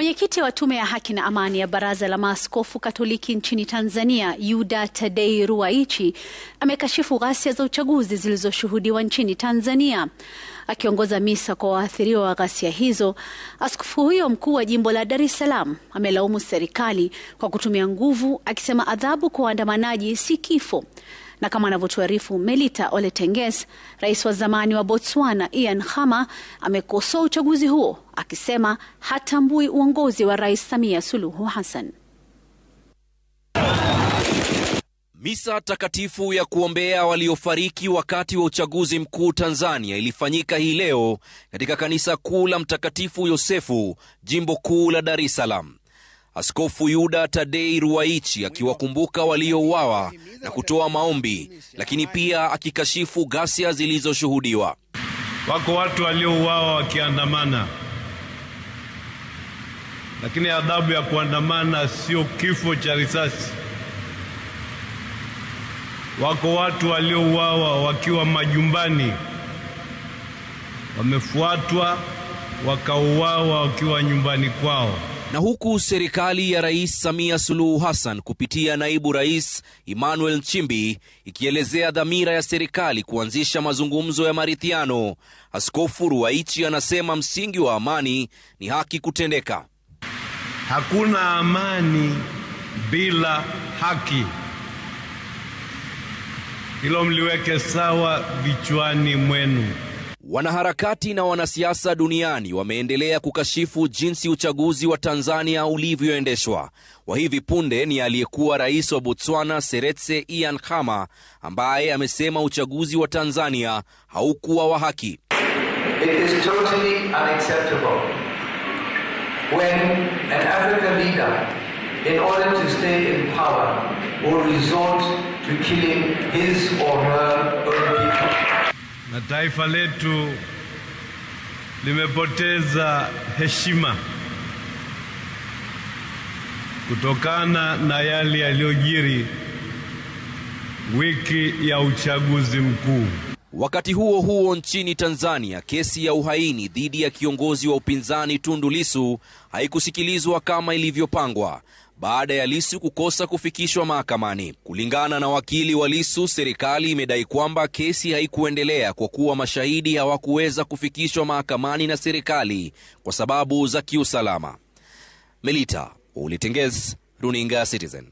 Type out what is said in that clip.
Mwenyekiti wa Tume ya Haki na Amani ya Baraza la Maaskofu Katoliki nchini Tanzania, Yuda Tadei Ruwaichi, amekashifu ghasia za uchaguzi zilizoshuhudiwa nchini Tanzania. Akiongoza misa kwa waathiriwa wa ghasia hizo, askofu huyo mkuu wa jimbo la Dar es Salaam amelaumu serikali kwa kutumia nguvu, akisema adhabu kwa waandamanaji si kifo. Na kama anavyotuarifu Melita oletenges rais wa zamani wa Botswana Ian Khama amekosoa uchaguzi huo akisema hatambui uongozi wa Rais Samia Suluhu Hassan. Misa takatifu ya kuombea waliofariki wakati wa uchaguzi mkuu Tanzania ilifanyika hii leo katika kanisa kuu la Mtakatifu Yosefu, jimbo kuu la Dar es Salaam. Askofu Yuda Tadei Ruwaichi akiwakumbuka waliouawa na kutoa maombi, lakini pia akikashifu ghasia zilizoshuhudiwa. Wako watu waliouawa wakiandamana, lakini adhabu ya kuandamana sio kifo cha risasi. Wako watu waliouawa wakiwa majumbani, wamefuatwa wakauawa wakiwa nyumbani kwao. Na huku serikali ya Rais Samia Suluhu Hassan kupitia naibu rais Emmanuel Nchimbi ikielezea dhamira ya serikali kuanzisha mazungumzo ya maridhiano, Askofu Ruwaichi anasema msingi wa amani ni haki kutendeka. Hakuna amani bila haki. Hilo mliweke sawa vichwani mwenu. Wanaharakati na wanasiasa duniani wameendelea kukashifu jinsi uchaguzi wa Tanzania ulivyoendeshwa. Wa hivi punde ni aliyekuwa rais wa Botswana Seretse Ian Khama ambaye amesema uchaguzi wa Tanzania haukuwa wa haki. It is totally unacceptable when an African leader in order to stay in power will resort to killing his or her own na taifa letu limepoteza heshima kutokana na yale yaliyojiri wiki ya uchaguzi mkuu. Wakati huo huo, nchini Tanzania, kesi ya uhaini dhidi ya kiongozi wa upinzani Tundu Lissu haikusikilizwa kama ilivyopangwa baada ya Lisu kukosa kufikishwa mahakamani. Kulingana na wakili wa Lisu, serikali imedai kwamba kesi haikuendelea kwa kuwa mashahidi hawakuweza kufikishwa mahakamani na serikali kwa sababu za kiusalama. Melita Ulitenges, Runinga Citizen.